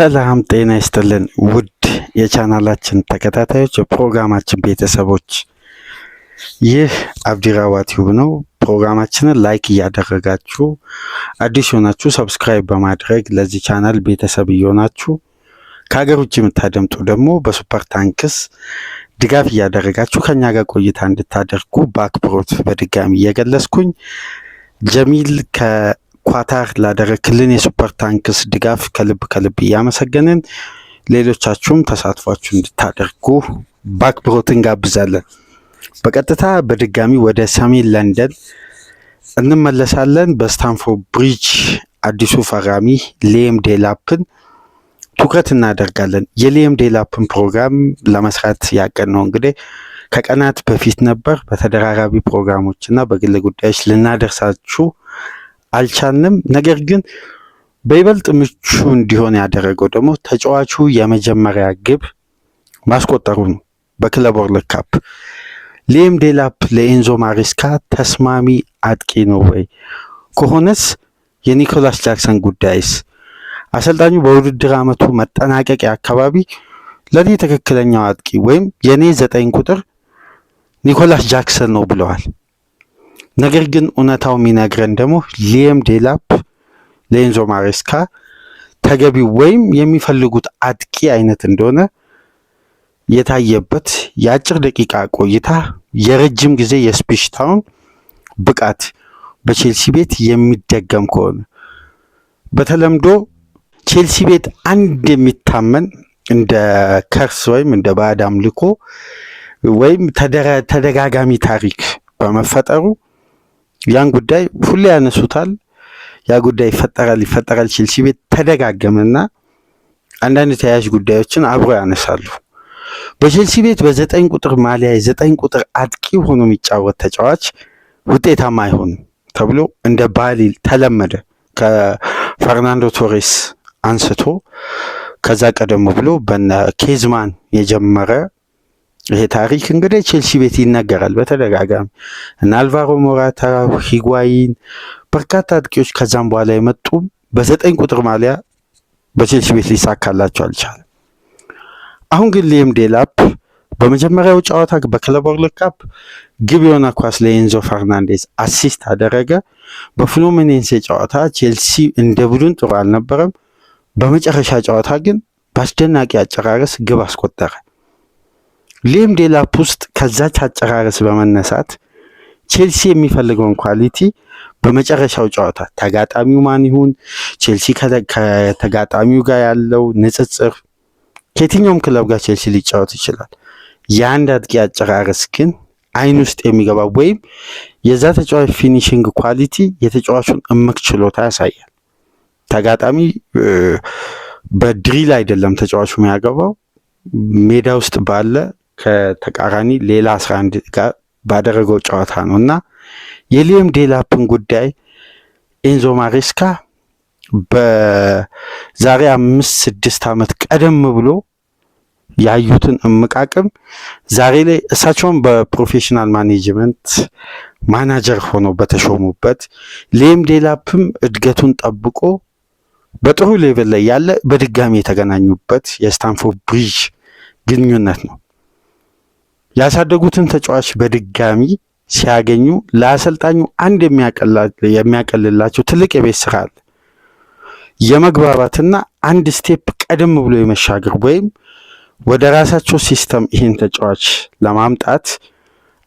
ሰላም ጤና ይስጥልን ውድ የቻናላችን ተከታታዮች የፕሮግራማችን ቤተሰቦች፣ ይህ አብዲራዋ ቲዩብ ነው። ፕሮግራማችንን ላይክ እያደረጋችሁ አዲስ የሆናችሁ ሰብስክራይብ በማድረግ ለዚህ ቻናል ቤተሰብ እየሆናችሁ ከሀገር ውጭ የምታደምጡ ደግሞ በሱፐር ታንክስ ድጋፍ እያደረጋችሁ ከኛ ጋር ቆይታ እንድታደርጉ በአክብሮት በድጋሚ እየገለጽኩኝ ጀሚል ከ ኳታር ላደረክልን የሱፐር ታንክስ ድጋፍ ከልብ ከልብ እያመሰገንን ሌሎቻችሁም ተሳትፏችሁ እንድታደርጉ በአክብሮት እንጋብዛለን። በቀጥታ በድጋሚ ወደ ሰሜን ለንደን እንመለሳለን። በስታንፎርድ ብሪጅ አዲሱ ፈራሚ ሌም ዴላፕን ትኩረት እናደርጋለን። የሌም ዴላፕን ፕሮግራም ለመስራት ያቀን ነው እንግዲህ ከቀናት በፊት ነበር። በተደራራቢ ፕሮግራሞች እና በግል ጉዳዮች ልናደርሳችሁ አልቻልንም። ነገር ግን በይበልጥ ምቹ እንዲሆን ያደረገው ደግሞ ተጫዋቹ የመጀመሪያ ግብ ማስቆጠሩ ነው በክለብ ወርልድ ካፕ። ሌም ዴላፕ ለኤንዞ ማሪስካ ተስማሚ አጥቂ ነው ወይ? ከሆነስ የኒኮላስ ጃክሰን ጉዳይስ? አሰልጣኙ በውድድር ዓመቱ መጠናቀቂያ አካባቢ ለእኔ ትክክለኛው አጥቂ ወይም የእኔ ዘጠኝ ቁጥር ኒኮላስ ጃክሰን ነው ብለዋል። ነገር ግን እውነታው የሚነግረን ደግሞ ሊየም ዴላፕ ለኤንዞ ማሬስካ ተገቢው ወይም የሚፈልጉት አጥቂ አይነት እንደሆነ የታየበት የአጭር ደቂቃ ቆይታ የረጅም ጊዜ የኢፕስዊች ታውን ብቃት በቼልሲ ቤት የሚደገም ከሆነ በተለምዶ ቼልሲ ቤት አንድ የሚታመን እንደ ከርስ ወይም እንደ ባዕድ አምልኮ ወይም ተደጋጋሚ ታሪክ በመፈጠሩ ያን ጉዳይ ሁሌ ያነሱታል። ያ ጉዳይ ይፈጠራል ይፈጠራል ሲል ሲቤት ተደጋገመና አንዳንድ ተያያዥ ጉዳዮችን አብሮ ያነሳሉ። በቼልሲ ቤት በዘጠኝ ቁጥር ማሊያ የዘጠኝ ቁጥር አጥቂ ሆኖ የሚጫወት ተጫዋች ውጤታማ አይሆንም ተብሎ እንደ ባህል ተለመደ። ከፈርናንዶ ቶሬስ አንስቶ ከዛ ቀደም ብሎ በነ ኬዝማን የጀመረ ይሄ ታሪክ እንግዲህ ቼልሲ ቤት ይነገራል በተደጋጋሚ እና አልቫሮ ሞራታ፣ ሂጓይን በርካታ አጥቂዎች ከዛም በኋላ የመጡ በዘጠኝ ቁጥር ማሊያ በቼልሲ ቤት ሊሳካላቸው አልቻለም። አሁን ግን ሊያም ዴላፕ በመጀመሪያው ጨዋታ በክለብ ወርልድ ካፕ ግብ የሆነ ኳስ ለኤንዞ ፈርናንዴዝ አሲስት አደረገ። በፍሉሚኔንሴ ጨዋታ ቼልሲ እንደ ቡድን ጥሩ አልነበረም። በመጨረሻ ጨዋታ ግን በአስደናቂ አጨራረስ ግብ አስቆጠረ። ሌም ዴላፕ ውስጥ ከዛች አጨራረስ በመነሳት ቼልሲ የሚፈልገውን ኳሊቲ በመጨረሻው ጨዋታ ተጋጣሚው ማን ይሁን፣ ቼልሲ ከተጋጣሚው ጋር ያለው ንጽጽር ከየትኛውም ክለብ ጋር ቼልሲ ሊጫወት ይችላል። የአንድ አጥቂ አጨራረስ ግን አይን ውስጥ የሚገባ ወይም የዛ ተጫዋች ፊኒሽንግ ኳሊቲ የተጫዋቹን እምቅ ችሎታ ያሳያል። ተጋጣሚ በድሪል አይደለም ተጫዋቹ የሚያገባው ሜዳ ውስጥ ባለ ከተቃራኒ ሌላ 11 ጋር ባደረገው ጨዋታ ነው እና የሊየም ዴላፕን ጉዳይ ኤንዞ ማሬስካ በዛሬ አምስት ስድስት ዓመት ቀደም ብሎ ያዩትን እምቃቅም ዛሬ ላይ እሳቸውን በፕሮፌሽናል ማኔጅመንት ማናጀር ሆነው በተሾሙበት ሌም ዴላፕም እድገቱን ጠብቆ በጥሩ ሌቨል ላይ ያለ በድጋሚ የተገናኙበት የስታንፎርድ ብሪጅ ግንኙነት ነው። ያሳደጉትን ተጫዋች በድጋሚ ሲያገኙ ለአሰልጣኙ አንድ የሚያቀልላቸው ትልቅ የቤት ስራ አለ። የመግባባትና አንድ ስቴፕ ቀደም ብሎ የመሻገር ወይም ወደ ራሳቸው ሲስተም ይህን ተጫዋች ለማምጣት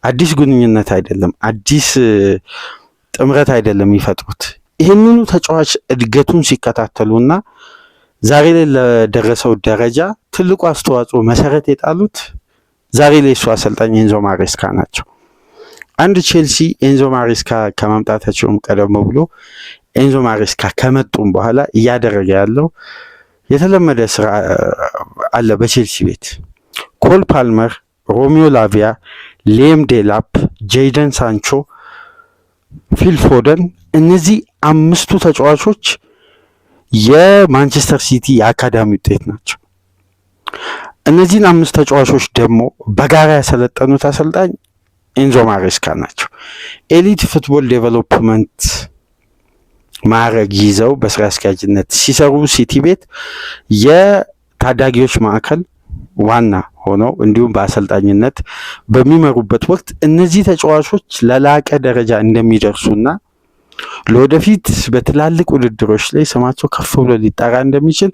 አዲስ ግንኙነት አይደለም፣ አዲስ ጥምረት አይደለም የሚፈጥሩት። ይህንኑ ተጫዋች እድገቱን ሲከታተሉና ዛሬ ላይ ለደረሰው ደረጃ ትልቁ አስተዋጽኦ መሰረት የጣሉት ዛሬ ላይ እሱ አሰልጣኝ ኤንዞ ማሬስካ ናቸው። አንድ ቼልሲ ኤንዞ ማሬስካ ከመምጣታቸውም ቀደም ብሎ ኤንዞ ማሬስካ ከመጡም በኋላ እያደረገ ያለው የተለመደ ስራ አለ በቼልሲ ቤት ኮል ፓልመር፣ ሮሚዮ ላቪያ፣ ሌም ዴላፕ፣ ጄይደን ሳንቾ፣ ፊል ፎደን እነዚህ አምስቱ ተጫዋቾች የማንቸስተር ሲቲ የአካዳሚ ውጤት ናቸው። እነዚህን አምስት ተጫዋቾች ደግሞ በጋራ ያሰለጠኑት አሰልጣኝ ኤንዞ ማሬስካ ናቸው። ኤሊት ፉትቦል ዴቨሎፕመንት ማዕረግ ይዘው በስራ አስኪያጅነት ሲሰሩ ሲቲ ቤት የታዳጊዎች ማዕከል ዋና ሆነው እንዲሁም በአሰልጣኝነት በሚመሩበት ወቅት እነዚህ ተጫዋቾች ለላቀ ደረጃ እንደሚደርሱና ለወደፊት በትላልቅ ውድድሮች ላይ ስማቸው ከፍ ብሎ ሊጠራ እንደሚችል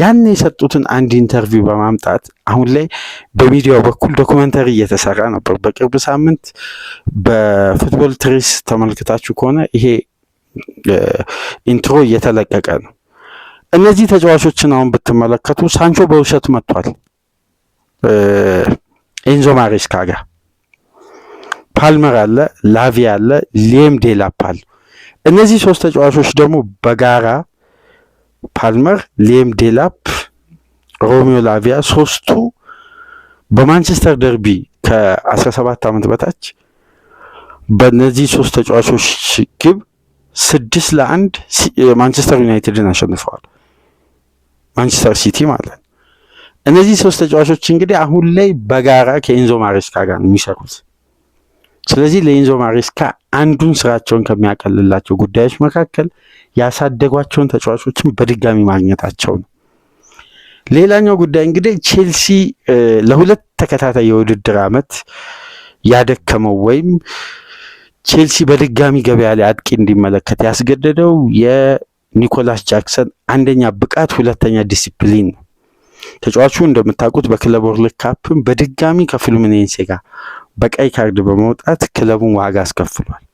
ያን የሰጡትን አንድ ኢንተርቪው በማምጣት አሁን ላይ በሚዲያው በኩል ዶክመንተሪ እየተሰራ ነበር። በቅርብ ሳምንት በፉትቦል ትሪስ ተመልክታችሁ ከሆነ ይሄ ኢንትሮ እየተለቀቀ ነው። እነዚህ ተጫዋቾችን አሁን ብትመለከቱ ሳንቾ በውሸት መጥቷል ኤንዞ ማሬስካ ጋር ፓልመር አለ፣ ላቪ አለ፣ ሌም ዴላፕ አለ። እነዚህ ሶስት ተጫዋቾች ደግሞ በጋራ ፓልመር፣ ሌም ዴላፕ፣ ሮሚዮ ላቪያ ሶስቱ በማንቸስተር ደርቢ ከ17 ዓመት በታች በእነዚህ ሶስት ተጫዋቾች ግብ ስድስት ለአንድ ማንቸስተር ዩናይትድን አሸንፈዋል። ማንቸስተር ሲቲ ማለት እነዚህ ሶስት ተጫዋቾች እንግዲህ አሁን ላይ በጋራ ከኤንዞ ማሬስካ ጋር ነው የሚሰሩት። ስለዚህ ለኢንዞ ማሬስካ አንዱን ስራቸውን ከሚያቀልላቸው ጉዳዮች መካከል ያሳደጓቸውን ተጫዋቾችን በድጋሚ ማግኘታቸው ነው። ሌላኛው ጉዳይ እንግዲህ ቼልሲ ለሁለት ተከታታይ የውድድር ዓመት ያደከመው ወይም ቼልሲ በድጋሚ ገበያ ላይ አጥቂ እንዲመለከት ያስገደደው የኒኮላስ ጃክሰን አንደኛ ብቃት፣ ሁለተኛ ዲሲፕሊን ነው። ተጫዋቹ እንደምታውቁት በክለብ ወርልድ ካፕም በድጋሚ ከፍሉሚኔንሴ ጋር በቀይ ካርድ በመውጣት ክለቡን ዋጋ አስከፍሏል።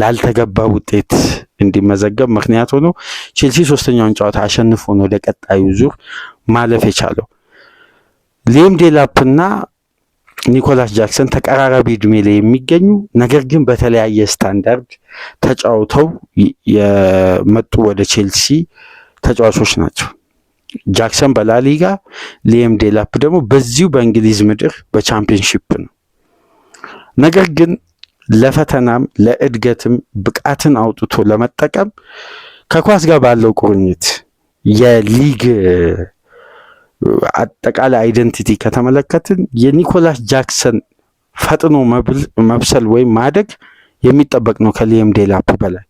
ላልተገባ ውጤት እንዲመዘገብ ምክንያት ሆኖ ቼልሲ ሶስተኛውን ጨዋታ አሸንፎ ነው ወደ ቀጣዩ ዙር ማለፍ የቻለው። ዴላፕ ዴላፕና ኒኮላስ ጃክሰን ተቀራራቢ እድሜ ላይ የሚገኙ ነገር ግን በተለያየ ስታንዳርድ ተጫውተው የመጡ ወደ ቼልሲ ተጫዋቾች ናቸው። ጃክሰን በላሊጋ ሌም ዴላፕ ደግሞ በዚሁ በእንግሊዝ ምድር በቻምፒየንሺፕ ነው። ነገር ግን ለፈተናም ለእድገትም ብቃትን አውጥቶ ለመጠቀም ከኳስ ጋር ባለው ቁርኝት የሊግ አጠቃላይ አይደንቲቲ ከተመለከትን የኒኮላስ ጃክሰን ፈጥኖ መብሰል ወይም ማደግ የሚጠበቅ ነው ከሊየም ዴላፕ በላይ።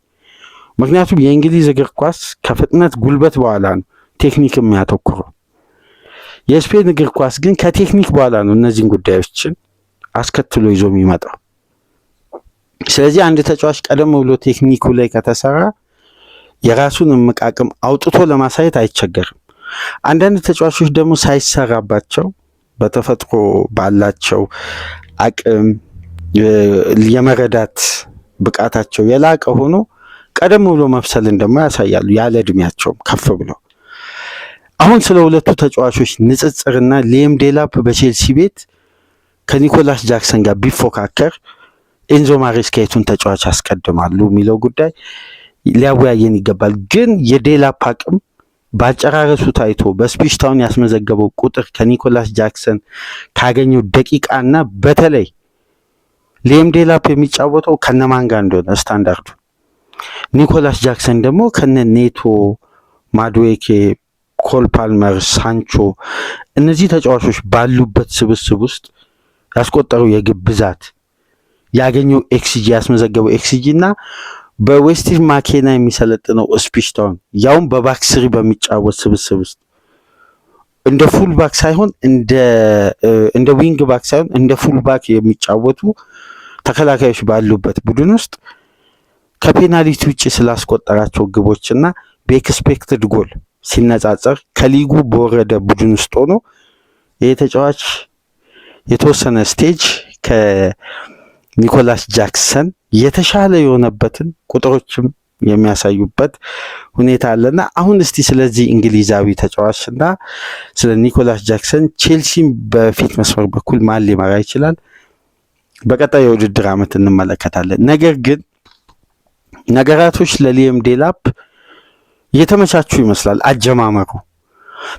ምክንያቱም የእንግሊዝ እግር ኳስ ከፍጥነት ጉልበት በኋላ ነው ቴክኒክ የሚያተኩረው። የስፔን እግር ኳስ ግን ከቴክኒክ በኋላ ነው እነዚህን ጉዳዮችን አስከትሎ ይዞ የሚመጣው። ስለዚህ አንድ ተጫዋች ቀደም ብሎ ቴክኒኩ ላይ ከተሰራ የራሱን እምቅ አቅም አውጥቶ ለማሳየት አይቸገርም። አንዳንድ ተጫዋቾች ደግሞ ሳይሰራባቸው በተፈጥሮ ባላቸው አቅም የመረዳት ብቃታቸው የላቀ ሆኖ ቀደም ብሎ መብሰልን ደግሞ ያሳያሉ፣ ያለ እድሜያቸውም ከፍ ብሎ። አሁን ስለ ሁለቱ ተጫዋቾች ንጽጽርና ሌም ዴላፕ በቼልሲ ቤት ከኒኮላስ ጃክሰን ጋር ቢፎካከር ኤንዞ ማሬስካ የቱን ተጫዋች ያስቀድማሉ የሚለው ጉዳይ ሊያወያየን ይገባል። ግን የዴላፕ አቅም በአጨራረሱ ታይቶ በስፒሽታውን ያስመዘገበው ቁጥር ከኒኮላስ ጃክሰን ካገኘው ደቂቃና በተለይ ሌም ዴላፕ የሚጫወተው ከነማን ጋር እንደሆነ ስታንዳርዱ ኒኮላስ ጃክሰን ደግሞ ከነ ኔቶ፣ ማድዌኬ፣ ኮል ፓልመር፣ ሳንቾ እነዚህ ተጫዋቾች ባሉበት ስብስብ ውስጥ ያስቆጠረው የግብ ብዛት ያገኘው ኤክስጂ ያስመዘገበው ኤክስጂ እና በዌስቲቭ ማኬና የሚሰለጥነው ስፒሽታውን ታውን ያውም በባክስሪ በሚጫወት ስብስብ ውስጥ እንደ ፉል ባክ ሳይሆን እንደ ዊንግ ባክ ሳይሆን እንደ ፉል ባክ የሚጫወቱ ተከላካዮች ባሉበት ቡድን ውስጥ ከፔናሊቲ ውጭ ስላስቆጠራቸው ግቦች እና በኤክስፔክትድ ጎል ሲነጻጸር ከሊጉ በወረደ ቡድን ውስጥ ሆኖ ይህ ተጫዋች የተወሰነ ስቴጅ ከኒኮላስ ጃክሰን የተሻለ የሆነበትን ቁጥሮችም የሚያሳዩበት ሁኔታ አለና አሁን እስቲ ስለዚህ እንግሊዛዊ ተጫዋች እና ስለ ኒኮላስ ጃክሰን ቼልሲም በፊት መስመር በኩል ማን ሊመራ ይችላል በቀጣይ የውድድር ዓመት እንመለከታለን። ነገር ግን ነገራቶች ለሊየም ዴላፕ የተመቻቹ ይመስላል አጀማመሩ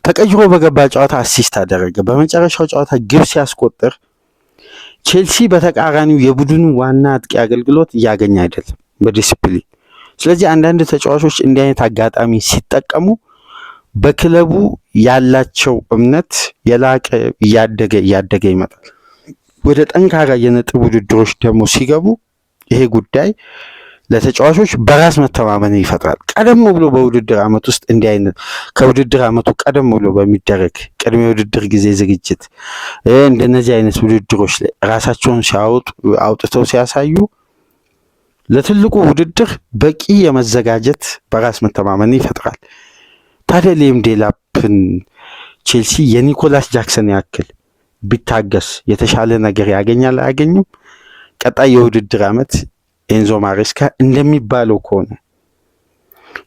ተቀይሮ በገባ ጨዋታ አሲስት አደረገ። በመጨረሻው ጨዋታ ግብ ሲያስቆጥር ቼልሲ በተቃራኒው የቡድኑ ዋና አጥቂ አገልግሎት እያገኘ አይደለም በዲስፕሊን። ስለዚህ አንዳንድ ተጫዋቾች እንዲህ አይነት አጋጣሚ ሲጠቀሙ በክለቡ ያላቸው እምነት የላቀ እያደገ እያደገ ይመጣል። ወደ ጠንካራ የነጥብ ውድድሮች ደግሞ ሲገቡ ይሄ ጉዳይ ለተጫዋቾች በራስ መተማመን ይፈጥራል። ቀደም ብሎ በውድድር ዓመት ውስጥ እንዲህ አይነት ከውድድር ዓመቱ ቀደም ብሎ በሚደረግ ቅድመ ውድድር ጊዜ ዝግጅት እንደነዚህ አይነት ውድድሮች ላይ ራሳቸውን ሲያወጡ አውጥተው ሲያሳዩ ለትልቁ ውድድር በቂ የመዘጋጀት በራስ መተማመን ይፈጥራል። ታዲያ ሌም ዴላፕን ቼልሲ የኒኮላስ ጃክሰን ያክል ቢታገስ የተሻለ ነገር ያገኛል አያገኝም? ቀጣይ የውድድር ዓመት ኤንዞ ማሬስካ እንደሚባለው ከሆነ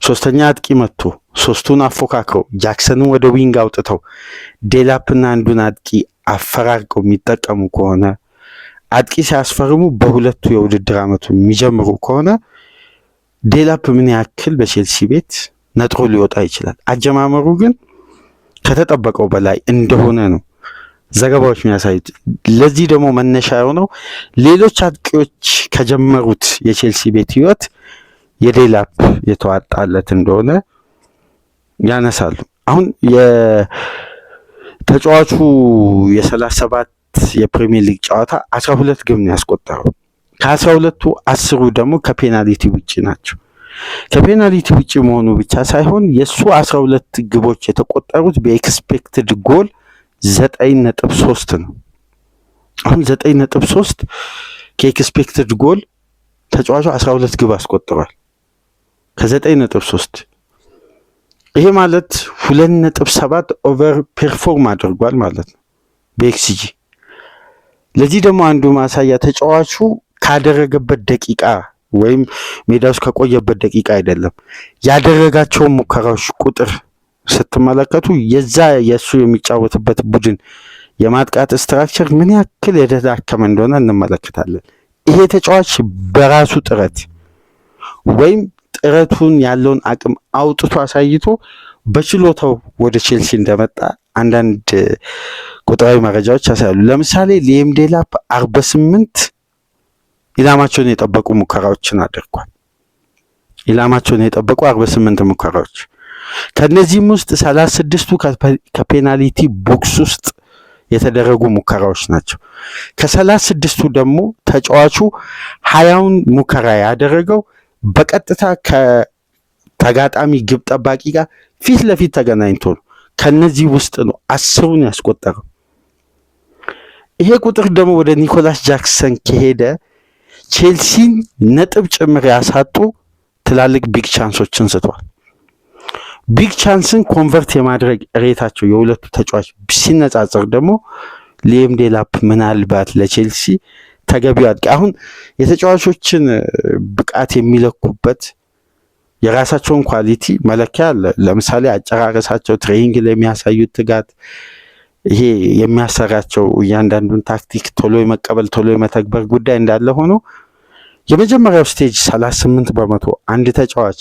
ሶስተኛ አጥቂ መጥቶ ሶስቱን አፎካክረው ጃክሰንን ወደ ዊንግ አውጥተው ዴላፕና አንዱን አጥቂ አፈራርቀው የሚጠቀሙ ከሆነ አጥቂ ሲያስፈርሙ በሁለቱ የውድድር ዓመቱ የሚጀምሩ ከሆነ ዴላፕ ምን ያክል በቼልሲ ቤት ነጥሮ ሊወጣ ይችላል። አጀማመሩ ግን ከተጠበቀው በላይ እንደሆነ ነው ዘገባዎች የሚያሳዩት። ለዚህ ደግሞ መነሻ የሆነው ሌሎች አጥቂዎች ከጀመሩት የቼልሲ ቤት ህይወት የዴላፕ የተዋጣለት እንደሆነ ያነሳሉ። አሁን የተጫዋቹ የሰላሳ ሰባት የፕሪሚየር ሊግ ጨዋታ አስራ ሁለት ግብ ነው ያስቆጠረው። ከአስራ ሁለቱ አስሩ ደግሞ ከፔናልቲ ውጭ ናቸው። ከፔናልቲ ውጭ መሆኑ ብቻ ሳይሆን የእሱ አስራ ሁለት ግቦች የተቆጠሩት በኤክስፔክትድ ጎል ዘጠኝ ነጥብ ሶስት ነው። አሁን ዘጠኝ ነጥብ ሶስት ከኤክስፔክትድ ጎል ተጫዋቹ አስራ ሁለት ግብ አስቆጥሯል ከዘጠኝ ነጥብ ሶስት ይሄ ማለት ሁለት ነጥብ ሰባት ኦቨር ፔርፎርም አድርጓል ማለት ነው በኤክስጂ ለዚህ ደግሞ አንዱ ማሳያ ተጫዋቹ ካደረገበት ደቂቃ ወይም ሜዳ ውስጥ ከቆየበት ደቂቃ አይደለም ያደረጋቸውን ሙከራዎች ቁጥር ስትመለከቱ የዛ የእሱ የሚጫወትበት ቡድን የማጥቃት ስትራክቸር ምን ያክል የተዳከመ እንደሆነ እንመለከታለን። ይሄ ተጫዋች በራሱ ጥረት ወይም ጥረቱን ያለውን አቅም አውጥቶ አሳይቶ በችሎታው ወደ ቼልሲ እንደመጣ አንዳንድ ቁጥራዊ መረጃዎች ያሳያሉ። ለምሳሌ ሊየም ዴላፕ አርባ ስምንት ኢላማቸውን የጠበቁ ሙከራዎችን አድርጓል። ኢላማቸውን የጠበቁ አርባ ስምንት ሙከራዎች ከእነዚህም ውስጥ ሰላሳ ስድስቱ ከፔናልቲ ቦክስ ውስጥ የተደረጉ ሙከራዎች ናቸው። ከሰላሳ ስድስቱ ደግሞ ተጫዋቹ ሀያውን ሙከራ ያደረገው በቀጥታ ከተጋጣሚ ግብ ጠባቂ ጋር ፊት ለፊት ተገናኝቶ ነው። ከነዚህ ውስጥ ነው አስሩን ያስቆጠረው። ይሄ ቁጥር ደግሞ ወደ ኒኮላስ ጃክሰን ከሄደ ቼልሲን ነጥብ ጭምር ያሳጡ ትላልቅ ቢግ ቻንሶችን ስቷል። ቢግ ቻንስን ኮንቨርት የማድረግ ሬታቸው የሁለቱ ተጫዋች ሲነጻጸር ደግሞ ሊያም ዴላፕ ምናልባት ለቼልሲ ተገቢው አጥቂ አሁን የተጫዋቾችን ብቃት የሚለኩበት የራሳቸውን ኳሊቲ መለኪያ አለ። ለምሳሌ አጨራረሳቸው፣ ትሬኒንግ ለሚያሳዩት ትጋት፣ ይሄ የሚያሰራቸው እያንዳንዱን ታክቲክ ቶሎ የመቀበል ቶሎ የመተግበር ጉዳይ እንዳለ ሆኖ የመጀመሪያው ስቴጅ 38 በመቶ አንድ ተጫዋች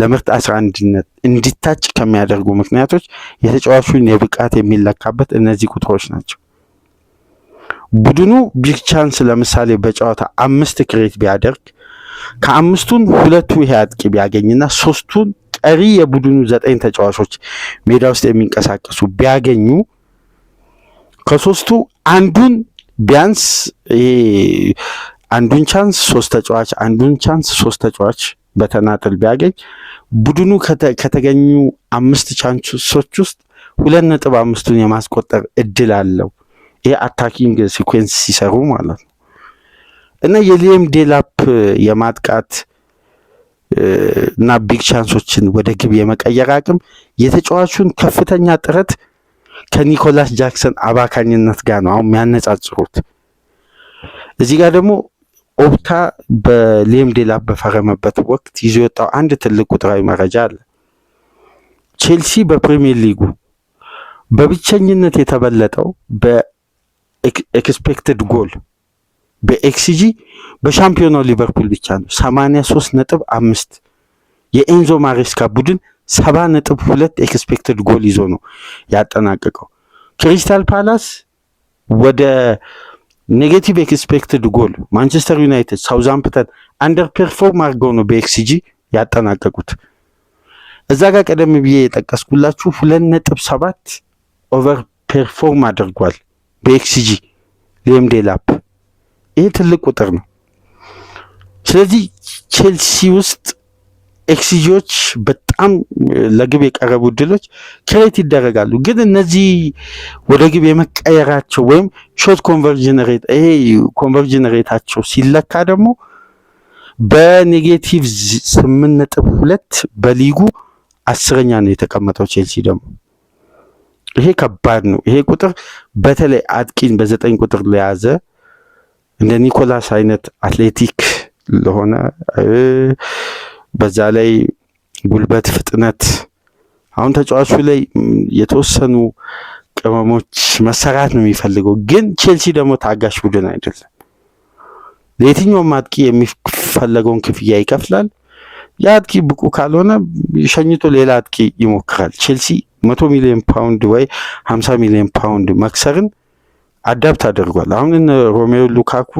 ለምርጥ 11ነት እንዲታጭ ከሚያደርጉ ምክንያቶች የተጫዋቹን የብቃት የሚለካበት እነዚህ ቁጥሮች ናቸው። ቡድኑ ቢግ ቻንስ ለምሳሌ በጨዋታ አምስት ክሬት ቢያደርግ ከአምስቱን ሁለቱ ይሄ አጥቂ ቢያገኝና ሶስቱን ቀሪ የቡድኑ ዘጠኝ ተጫዋቾች ሜዳ ውስጥ የሚንቀሳቀሱ ቢያገኙ ከሶስቱ አንዱን ቢያንስ አንዱን ቻንስ ሶስት ተጫዋች አንዱን ቻንስ ሶስት ተጫዋች በተናጠል ቢያገኝ ቡድኑ ከተገኙ አምስት ቻንሶች ውስጥ ሁለት ነጥብ አምስቱን የማስቆጠር እድል አለው። ይህ አታኪንግ ሲኩዌንስ ሲሰሩ ማለት ነው እና የሊየም ዴላፕ የማጥቃት እና ቢግ ቻንሶችን ወደ ግብ የመቀየር አቅም የተጫዋቹን ከፍተኛ ጥረት ከኒኮላስ ጃክሰን አባካኝነት ጋር ነው አሁን የሚያነጻጽሩት። እዚህ ጋር ደግሞ ኦፕታ በሌምዴላ በፈረመበት ወቅት ይዞ የወጣው አንድ ትልቅ ቁጥራዊ መረጃ አለ። ቼልሲ በፕሪሚየር ሊጉ በብቸኝነት የተበለጠው በኤክስፔክትድ ጎል በኤክስጂ በሻምፒዮናው ሊቨርፑል ብቻ ነው። 83 ነጥብ አምስት የኤንዞ ማሬስካ ቡድን 70 ነጥብ ሁለት ኤክስፔክትድ ጎል ይዞ ነው ያጠናቀቀው። ክሪስታል ፓላስ ወደ ኔጌቲቭ ኤክስፔክትድ ጎል ማንቸስተር ዩናይትድ፣ ሳውዛምፕተን አንደር ፐርፎርም አድርገው ነው በኤክስጂ ያጠናቀቁት። እዛ ጋር ቀደም ብዬ የጠቀስኩላችሁ ሁለት ነጥብ ሰባት ኦቨር ፐርፎርም አድርጓል በኤክስጂ ሌም ዴላፕ። ይህ ትልቅ ቁጥር ነው። ስለዚህ ቼልሲ ውስጥ ኤክስጂዎች በጣም ለግብ የቀረቡ እድሎች ክሬት ይደረጋሉ። ግን እነዚህ ወደ ግብ የመቀየራቸው ወይም ሾት ኮንቨርጅን ሬት ይሄ ኮንቨርጅን ሬታቸው ሲለካ ደግሞ በኔጌቲቭ ስምንት ነጥብ ሁለት በሊጉ አስረኛ ነው የተቀመጠው ቼልሲ ደግሞ ይሄ ከባድ ነው። ይሄ ቁጥር በተለይ አጥቂን በዘጠኝ ቁጥር ለያዘ እንደ ኒኮላስ አይነት አትሌቲክ ለሆነ በዛ ላይ ጉልበት፣ ፍጥነት አሁን ተጫዋቹ ላይ የተወሰኑ ቅመሞች መሰራት ነው የሚፈልገው። ግን ቼልሲ ደግሞ ታጋሽ ቡድን አይደለም። ለየትኛውም አጥቂ የሚፈለገውን ክፍያ ይከፍላል። ያ አጥቂ ብቁ ካልሆነ ሸኝቶ ሌላ አጥቂ ይሞክራል። ቼልሲ መቶ ሚሊዮን ፓውንድ ወይ ሀምሳ ሚሊዮን ፓውንድ መክሰርን አዳብት አድርጓል። አሁን ሮሜዮ ሉካኩ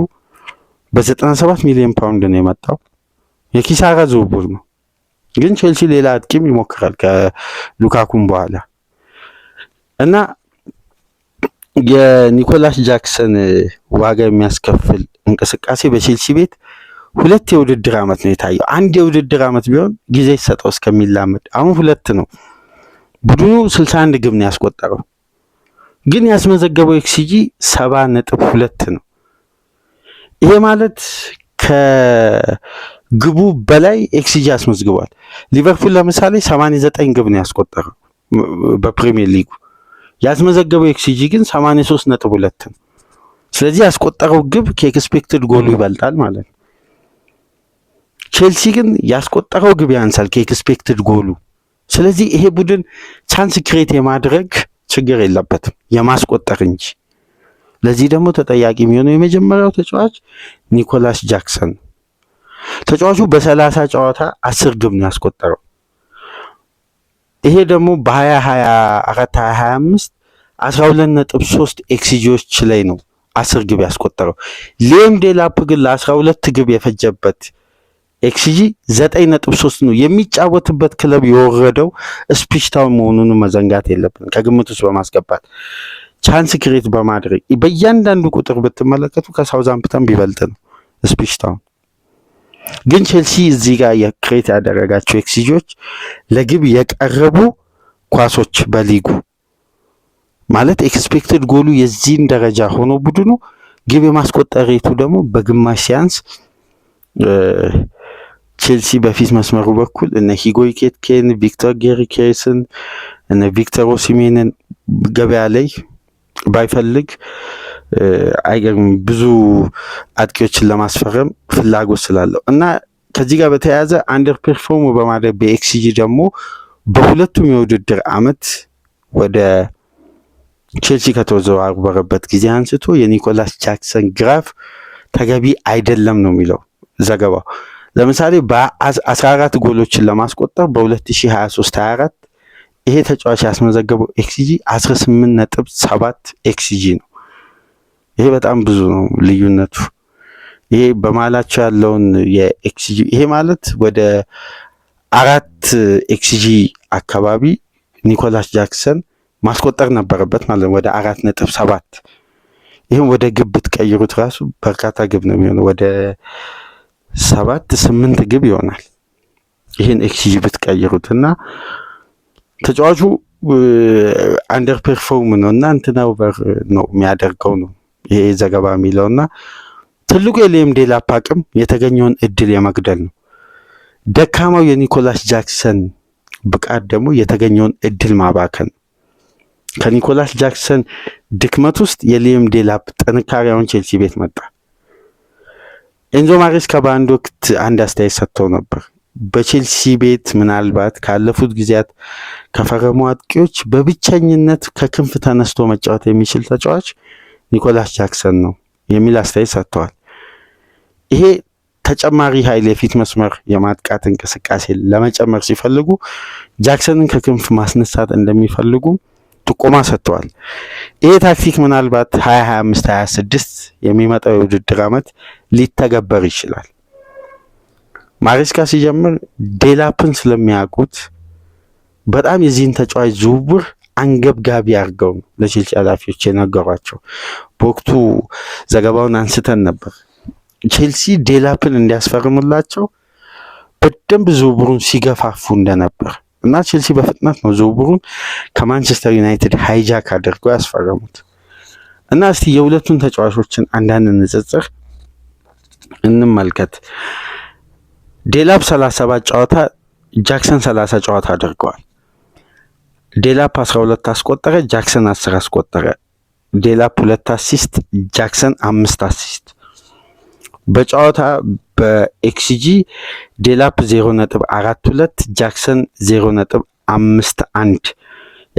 በዘጠና ሰባት ሚሊዮን ፓውንድ ነው የመጣው። የኪሳራ ዝውውር ነው። ግን ቼልሲ ሌላ አጥቂም ይሞክራል ከሉካኩም በኋላ እና የኒኮላስ ጃክሰን ዋጋ የሚያስከፍል እንቅስቃሴ በቼልሲ ቤት ሁለት የውድድር ዓመት ነው የታየው። አንድ የውድድር ዓመት ቢሆን ጊዜ ይሰጠው እስከሚላመድ፣ አሁን ሁለት ነው። ቡድኑ 61 ግብ ነው ያስቆጠረው፣ ግን ያስመዘገበው ኤክስጂ 70 ነጥብ ሁለት ነው። ይሄ ማለት ከ ግቡ በላይ ኤክስጂ አስመዝግቧል። ሊቨርፑል ለምሳሌ 89 ግብ ነው ያስቆጠረው በፕሪሚየር ሊጉ ያስመዘገበው ኤክስጂ ግን 83 ነጥብ ሁለት ነው። ስለዚህ ያስቆጠረው ግብ ከኤክስፔክትድ ጎሉ ይበልጣል ማለት ነው። ቼልሲ ግን ያስቆጠረው ግብ ያንሳል ከኤክስፔክትድ ጎሉ። ስለዚህ ይሄ ቡድን ቻንስ ክሬት የማድረግ ችግር የለበትም የማስቆጠር እንጂ። ለዚህ ደግሞ ተጠያቂ የሚሆነው የመጀመሪያው ተጫዋች ኒኮላስ ጃክሰን ተጫዋቹ በሰላሳ ጨዋታ አስር ግብ ነው ያስቆጠረው። ይሄ ደግሞ በሀያ ሀያ አራት ሀያ ሀያ አምስት አስራ ሁለት ነጥብ ሶስት ኤክስጂዎች ላይ ነው አስር ግብ ያስቆጠረው። ሌም ዴላፕ ግን ለአስራ ሁለት ግብ የፈጀበት ኤክስጂ ዘጠኝ ነጥብ ሶስት ነው። የሚጫወትበት ክለብ የወረደው ስፒችታውን መሆኑን መዘንጋት የለብንም ከግምት ውስጥ በማስገባት ቻንስ ክሬት በማድረግ በእያንዳንዱ ቁጥር ብትመለከቱ ከሳውዛምፕተን ቢበልጥ ነው ስፒችታውን ግን ቼልሲ እዚህ ጋር የክሬት ያደረጋቸው ኤክስጂዎች ለግብ የቀረቡ ኳሶች በሊጉ ማለት ኤክስፔክትድ ጎሉ የዚህን ደረጃ ሆኖ ቡድኑ ግብ የማስቆጠር ሬቱ ደግሞ በግማሽ ሲያንስ ቼልሲ በፊት መስመሩ በኩል እነ ሂጎይ ኬትኬን፣ ቪክተር ጌሪኬስን፣ እነ ቪክተር ኦሲሜንን ገበያ ላይ ባይፈልግ አይገርም ብዙ አጥቂዎችን ለማስፈረም ፍላጎት ስላለው እና ከዚህ ጋር በተያያዘ አንደር ፐርፎርም በማድረግ በኤክስጂ ደግሞ በሁለቱም የውድድር አመት ወደ ቼልሲ ከተዘዋወረበት ጊዜ አንስቶ የኒኮላስ ጃክሰን ግራፍ ተገቢ አይደለም ነው የሚለው ዘገባው። ለምሳሌ በ14 ጎሎችን ለማስቆጠር በ2023/24 ይሄ ተጫዋች ያስመዘገበው ኤክስጂ 18.7 ኤክስጂ ነው። ይሄ በጣም ብዙ ነው ልዩነቱ። ይሄ በማላቸው ያለውን የኤክስጂ ይሄ ማለት ወደ አራት ኤክስጂ አካባቢ ኒኮላስ ጃክሰን ማስቆጠር ነበረበት ማለት ነው። ወደ አራት ነጥብ ሰባት ይህም ወደ ግብ ብትቀይሩት ራሱ በርካታ ግብ ነው የሚሆነው። ወደ ሰባት ስምንት ግብ ይሆናል ይህን ኤክስጂ ብትቀይሩት እና ተጫዋቹ አንደር ፐርፎርም ነው እና እንትና ኦቨር ነው የሚያደርገው ነው ይሄ ዘገባ የሚለውና ትልቁ የሌምዴ ላፕ አቅም የተገኘውን እድል የመግደል ነው። ደካማው የኒኮላስ ጃክሰን ብቃት ደግሞ የተገኘውን እድል ማባከን ነው። ከኒኮላስ ጃክሰን ድክመት ውስጥ የሊየም ዴላፕ ጥንካሬውን ቼልሲ ቤት መጣ። ኤንዞ ማሬስካ በአንድ ወቅት አንድ አስተያየት ሰጥተው ነበር። በቼልሲ ቤት ምናልባት ካለፉት ጊዜያት ከፈረሙ አጥቂዎች በብቸኝነት ከክንፍ ተነስቶ መጫወት የሚችል ተጫዋች ኒኮላስ ጃክሰን ነው የሚል አስተያየት ሰጥተዋል። ይሄ ተጨማሪ ኃይል የፊት መስመር የማጥቃት እንቅስቃሴ ለመጨመር ሲፈልጉ ጃክሰንን ከክንፍ ማስነሳት እንደሚፈልጉ ጥቆማ ሰጥተዋል። ይሄ ታክቲክ ምናልባት 2025 26 የሚመጣው የውድድር ዓመት ሊተገበር ይችላል። ማሬስካ ሲጀምር ዴላፕን ስለሚያውቁት በጣም የዚህን ተጫዋች ዝውውር አንገብጋቢ አድርገው ነው ለቼልሲ ኃላፊዎች የነገሯቸው። በወቅቱ ዘገባውን አንስተን ነበር። ቼልሲ ዴላፕን እንዲያስፈርምላቸው በደንብ ዝውውሩን ሲገፋፉ እንደነበር እና ቼልሲ በፍጥነት ነው ዝውውሩን ከማንቸስተር ዩናይትድ ሃይጃክ አድርገው ያስፈረሙት። እና እስቲ የሁለቱን ተጫዋቾችን አንዳንድ ንጽጽር እንመልከት። ዴላፕ 37 ጨዋታ፣ ጃክሰን 30 ጨዋታ አድርገዋል። ዴላፕ 12 አስቆጠረ፣ ጃክሰን 10 አስቆጠረ። ዴላፕ ሁለት አሲስት፣ ጃክሰን አምስት አሲስት። በጨዋታ በኤክስጂ ዴላፕ 0.42 ጃክሰን 0.51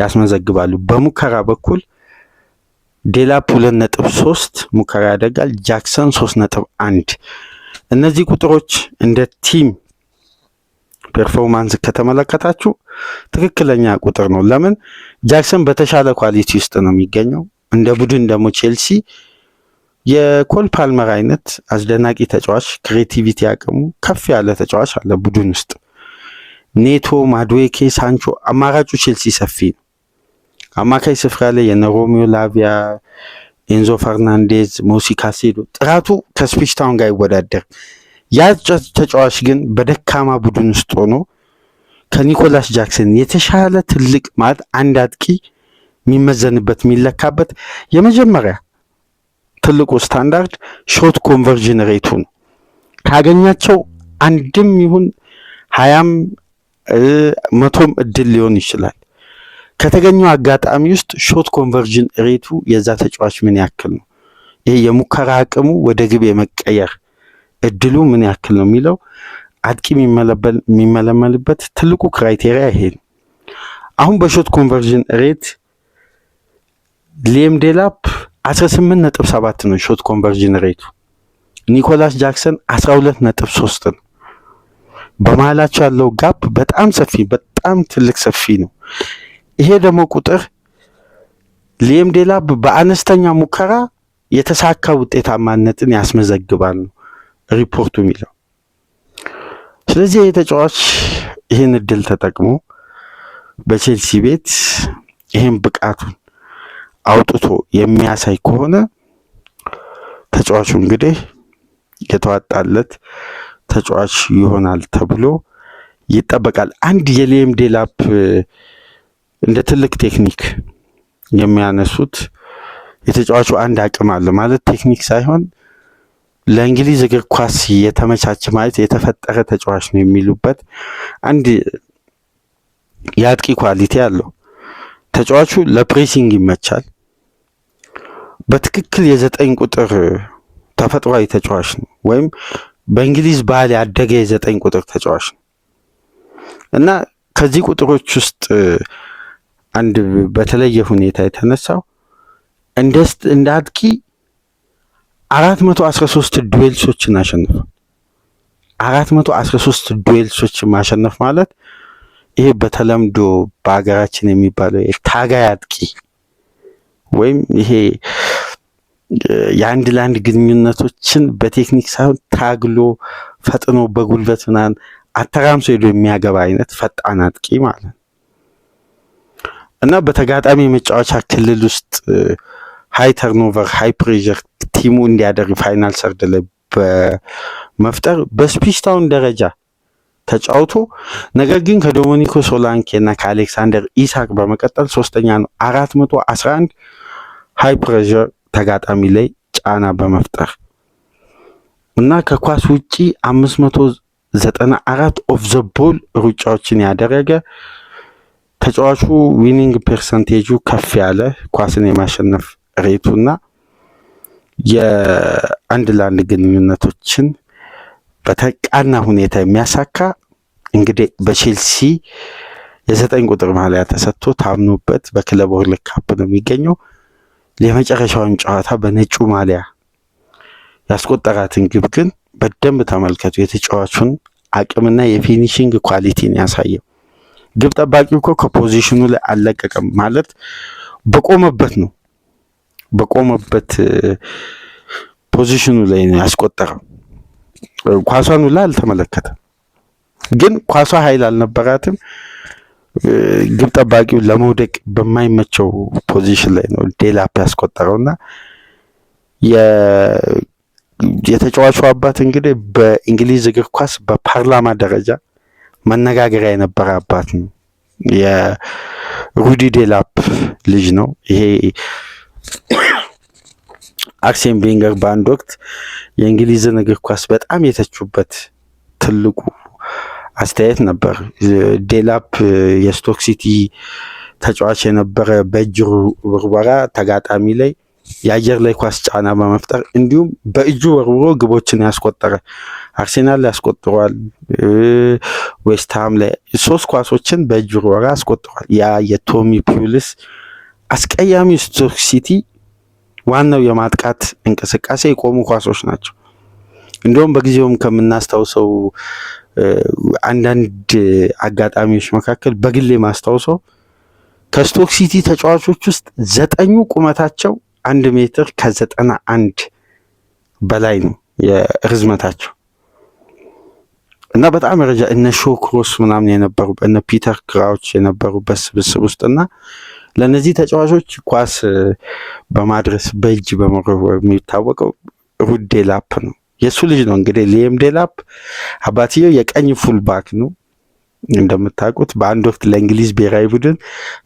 ያስመዘግባሉ። በሙከራ በኩል ዴላፕ 2.3 ሙከራ ያደርጋል፣ ጃክሰን 3.1 እነዚህ ቁጥሮች እንደ ቲም ፐርፎርማንስ ከተመለከታችሁ ትክክለኛ ቁጥር ነው። ለምን ጃክሰን በተሻለ ኳሊቲ ውስጥ ነው የሚገኘው። እንደ ቡድን ደግሞ ቼልሲ የኮል ፓልመር አይነት አስደናቂ ተጫዋች፣ ክሬቲቪቲ አቅሙ ከፍ ያለ ተጫዋች አለ ቡድን ውስጥ። ኔቶ፣ ማድዌኬ፣ ሳንቾ አማራጩ ቼልሲ ሰፊ ነው። አማካይ ስፍራ ላይ የነ ሮሚዮ ላቪያ፣ ኤንዞ ፈርናንዴዝ፣ ሞሲ ካሴዶ ጥራቱ ከስፒች ታውን ጋር ይወዳደር ያ ተጫዋች ግን በደካማ ቡድን ውስጥ ሆኖ ከኒኮላስ ጃክሰን የተሻለ ትልቅ ማለት አንድ አጥቂ የሚመዘንበት የሚለካበት የመጀመሪያ ትልቁ ስታንዳርድ ሾት ኮንቨርዥን ሬቱ ነው። ካገኛቸው አንድም ይሁን ሀያም መቶም እድል ሊሆን ይችላል። ከተገኘው አጋጣሚ ውስጥ ሾት ኮንቨርዥን ሬቱ የዛ ተጫዋች ምን ያክል ነው? ይሄ የሙከራ አቅሙ ወደ ግብ የመቀየር እድሉ ምን ያክል ነው የሚለው አጥቂ የሚመለመልበት ትልቁ ክራይቴሪያ ይሄ ነው። አሁን በሾት ኮንቨርዥን ሬት ሌምዴላፕ ዴላፕ 18 ነጥብ 7 ነው ሾት ኮንቨርዥን ሬቱ። ኒኮላስ ጃክሰን 12 ነጥብ 3 ነው። በመሀላቸው ያለው ጋፕ በጣም ሰፊ በጣም ትልቅ ሰፊ ነው። ይሄ ደግሞ ቁጥር ሌምዴላፕ ዴላፕ በአነስተኛ ሙከራ የተሳካ ውጤታማነትን ያስመዘግባል ነው ሪፖርቱ የሚለው። ስለዚህ ይህ ተጫዋች ይህን እድል ተጠቅሞ በቼልሲ ቤት ይህን ብቃቱን አውጥቶ የሚያሳይ ከሆነ ተጫዋቹ እንግዲህ የተዋጣለት ተጫዋች ይሆናል ተብሎ ይጠበቃል። አንድ የሌም ዴላፕ እንደ ትልቅ ቴክኒክ የሚያነሱት የተጫዋቹ አንድ አቅም አለ ማለት ቴክኒክ ሳይሆን ለእንግሊዝ እግር ኳስ የተመቻቸ ማለት የተፈጠረ ተጫዋች ነው የሚሉበት አንድ የአጥቂ ኳሊቲ አለው። ተጫዋቹ ለፕሬሲንግ ይመቻል። በትክክል የዘጠኝ ቁጥር ተፈጥሯዊ ተጫዋች ነው ወይም በእንግሊዝ ባህል ያደገ የዘጠኝ ቁጥር ተጫዋች ነው እና ከዚህ ቁጥሮች ውስጥ አንድ በተለየ ሁኔታ የተነሳው እንደ አጥቂ አራት መቶ አስራ ሶስት ዱዌልሶችን አሸነፈ። አራት መቶ አስራ ሶስት ዱዌልሶችን ማሸነፍ ማለት ይሄ በተለምዶ በሀገራችን የሚባለው የታጋይ አጥቂ ወይም ይሄ የአንድ ለአንድ ግንኙነቶችን በቴክኒክ ሳይሆን ታግሎ ፈጥኖ በጉልበት ምናምን አተራምሶ ሄዶ የሚያገባ አይነት ፈጣን አጥቂ ማለት ነው እና በተጋጣሚ የመጫወቻ ክልል ውስጥ ሀይ ተርኖቨር ሀይ ፕሬዠር ቲሙ እንዲያደርግ ፋይናል ሰርድ ላይ በመፍጠር በስፒችታውን ደረጃ ተጫውቶ ነገር ግን ከዶሚኒኮ ሶላንኬ እና ከአሌክሳንደር ኢሳክ በመቀጠል ሶስተኛ ነው። አራት መቶ አስራ አንድ ሀይ ፕሬዠር ተጋጣሚ ላይ ጫና በመፍጠር እና ከኳስ ውጪ አምስት መቶ ዘጠና አራት ኦፍ ዘ ቦል ሩጫዎችን ያደረገ ተጫዋቹ ዊኒንግ ፐርሰንቴጁ ከፍ ያለ ኳስን የማሸነፍ ሬቱና የአንድ ለአንድ ግንኙነቶችን በተቃና ሁኔታ የሚያሳካ እንግዲህ በቼልሲ የዘጠኝ ቁጥር ማሊያ ተሰጥቶ ታምኖበት በክለብ ወርልድ ካፕ ነው የሚገኘው። የመጨረሻውን ጨዋታ በነጩ ማሊያ ያስቆጠራትን ግብ ግን በደንብ ተመልከቱ። የተጫዋቹን አቅምና የፊኒሽንግ ኳሊቲን ያሳየው ግብ ጠባቂው እኮ ከፖዚሽኑ ላይ አልለቀቀም ማለት በቆመበት ነው በቆመበት ፖዚሽኑ ላይ ነው ያስቆጠረው። ኳሷን ሁላ አልተመለከተም፣ ግን ኳሷ ኃይል አልነበራትም። ግብ ጠባቂው ለመውደቅ በማይመቸው ፖዚሽን ላይ ነው ዴላፕ ያስቆጠረውና የተጫዋቹ አባት እንግዲህ በእንግሊዝ እግር ኳስ በፓርላማ ደረጃ መነጋገሪያ የነበረ አባት ነው። የሩዲ ዴላፕ ልጅ ነው ይሄ አርሴን ቬንገር በአንድ ወቅት የእንግሊዝን እግር ኳስ በጣም የተቹበት ትልቁ አስተያየት ነበር። ዴላፕ የስቶክ ሲቲ ተጫዋች የነበረ በእጅ ውርወራ ተጋጣሚ ላይ የአየር ላይ ኳስ ጫና በመፍጠር እንዲሁም በእጁ ወርውሮ ግቦችን ያስቆጠረ አርሴናል ያስቆጥሯል፣ ዌስትሃም ላይ ሶስት ኳሶችን በእጅ ውርወራ አስቆጥሯል። ያ የቶሚ ፒውልስ አስቀያሚ ስቶክ ሲቲ ዋናው የማጥቃት እንቅስቃሴ የቆሙ ኳሶች ናቸው። እንዲሁም በጊዜውም ከምናስታውሰው አንዳንድ አጋጣሚዎች መካከል በግሌ ማስታውሰው ከስቶክ ሲቲ ተጫዋቾች ውስጥ ዘጠኙ ቁመታቸው አንድ ሜትር ከዘጠና አንድ በላይ ነው የርዝመታቸው እና በጣም ረጃ እነ ሾክሮስ ምናምን የነበሩ እነ ፒተር ክራውች የነበሩበት ስብስብ ውስጥና ለእነዚህ ተጫዋቾች ኳስ በማድረስ በእጅ በመረወር የሚታወቀው ሩድ ዴላፕ ነው። የእሱ ልጅ ነው እንግዲህ ሊየም ዴላፕ አባትየው የቀኝ ፉልባክ ነው። እንደምታውቁት በአንድ ወቅት ለእንግሊዝ ብሔራዊ ቡድን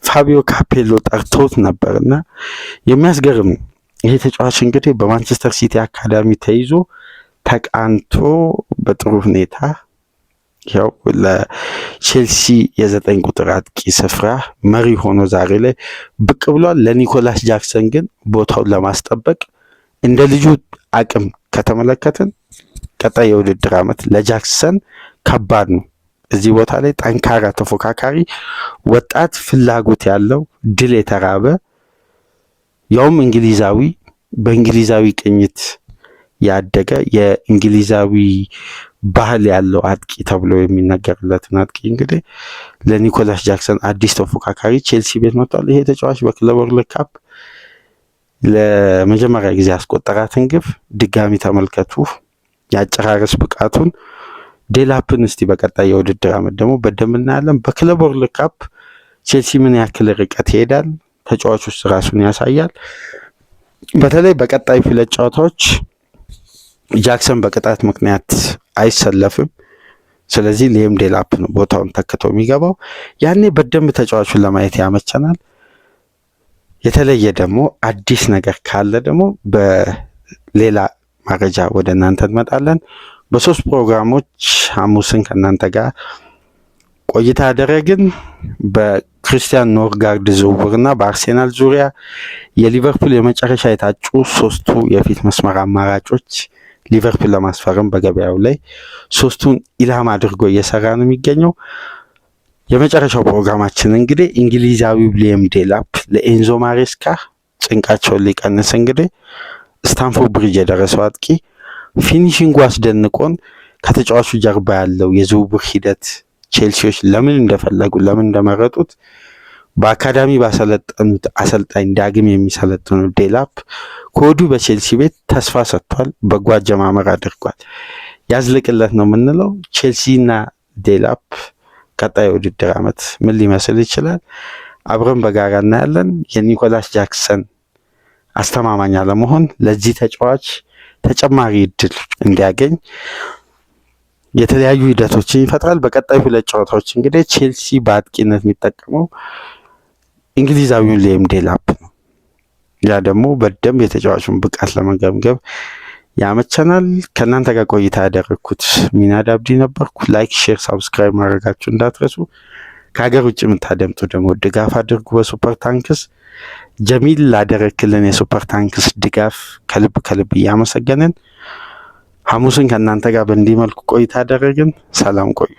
ፋቢዮ ካፔሎ ጠርቶት ነበር እና የሚያስገርም ነው። ይሄ ተጫዋች እንግዲህ በማንቸስተር ሲቲ አካዳሚ ተይዞ ተቃንቶ በጥሩ ሁኔታ ያው ለቼልሲ የዘጠኝ ቁጥር አጥቂ ስፍራ መሪ ሆኖ ዛሬ ላይ ብቅ ብሏል። ለኒኮላስ ጃክሰን ግን ቦታውን ለማስጠበቅ እንደ ልጁ አቅም ከተመለከትን ቀጣይ የውድድር ዓመት ለጃክሰን ከባድ ነው። እዚህ ቦታ ላይ ጠንካራ ተፎካካሪ፣ ወጣት ፍላጎት ያለው ድል የተራበ ያውም እንግሊዛዊ በእንግሊዛዊ ቅኝት ያደገ የእንግሊዛዊ ባህል ያለው አጥቂ ተብሎ የሚነገርለትን አጥቂ እንግዲህ ለኒኮላስ ጃክሰን አዲስ ተፎካካሪ ቼልሲ ቤት መጥቷል። ይሄ ተጫዋች በክለብ ወርልድ ካፕ ለመጀመሪያ ጊዜ ያስቆጠራትን ግብ ድጋሚ ተመልከቱ። የአጨራረስ ብቃቱን ዴላፕን እስቲ በቀጣይ የውድድር አመት ደግሞ በደንብ እናያለን። በክለብ ወርልድ ካፕ ቼልሲ ምን ያክል ርቀት ይሄዳል? ተጫዋቾች ራሱን ያሳያል። በተለይ በቀጣይ ፊለት ጨዋታዎች ጃክሰን በቅጣት ምክንያት አይሰለፍም። ስለዚህ ሌም ዴላፕ ነው ቦታውን ተክቶ የሚገባው። ያኔ በደንብ ተጫዋቹን ለማየት ያመቸናል። የተለየ ደግሞ አዲስ ነገር ካለ ደግሞ በሌላ መረጃ ወደ እናንተ እንመጣለን። በሶስት ፕሮግራሞች ሐሙስን ከእናንተ ጋር ቆይታ ያደረግን በክርስቲያን ኖርጋርድ ዝውውርና በአርሴናል ዙሪያ የሊቨርፑል የመጨረሻ የታጩ ሶስቱ የፊት መስመር አማራጮች ሊቨርፑል ለማስፈረም በገበያው ላይ ሶስቱን ኢላማ አድርጎ እየሰራ ነው የሚገኘው። የመጨረሻው ፕሮግራማችን እንግዲህ እንግሊዛዊ ሊያም ዴላፕ ለኤንዞ ማሬስካ ጭንቃቸውን ሊቀንስ እንግዲህ ስታንፎርድ ብሪጅ የደረሰው አጥቂ ፊኒሽንጉ አስደንቆን ከተጫዋቹ ጀርባ ያለው የዝውውር ሂደት ቼልሲዎች ለምን እንደፈለጉ ለምን እንደመረጡት በአካዳሚ ባሰለጠኑት አሰልጣኝ ዳግም የሚሰለጥኑ ዴላፕ ከወዲሁ በቼልሲ ቤት ተስፋ ሰጥቷል። በጎ አጀማመር አድርጓል። ያዝልቅለት ነው የምንለው። ቼልሲና ዴላፕ ቀጣይ ውድድር ዓመት ምን ሊመስል ይችላል? አብረን በጋራ እናያለን። የኒኮላስ ጃክሰን አስተማማኝ አለመሆን ለዚህ ተጫዋች ተጨማሪ እድል እንዲያገኝ የተለያዩ ሂደቶችን ይፈጥራል። በቀጣይ ሁለት ጨዋታዎች እንግዲህ ቼልሲ በአጥቂነት የሚጠቀመው እንግሊዛዊውን ሊያም ዴላፕ ነው። ያ ደግሞ በደንብ የተጫዋቹን ብቃት ለመገምገም ያመቸናል። ከእናንተ ጋር ቆይታ ያደረግኩት ሚናድ አብዲ ነበርኩ። ላይክ፣ ሼር፣ ሳብስክራይብ ማድረጋችሁ እንዳትረሱ። ከሀገር ውጭ የምታደምጡ ደግሞ ድጋፍ አድርጉ በሱፐር ታንክስ። ጀሚል ላደረክልን የሱፐር ታንክስ ድጋፍ ከልብ ከልብ እያመሰገንን ሐሙስን ከእናንተ ጋር በእንዲህ መልኩ ቆይታ ያደረግን ሰላም ቆዩ።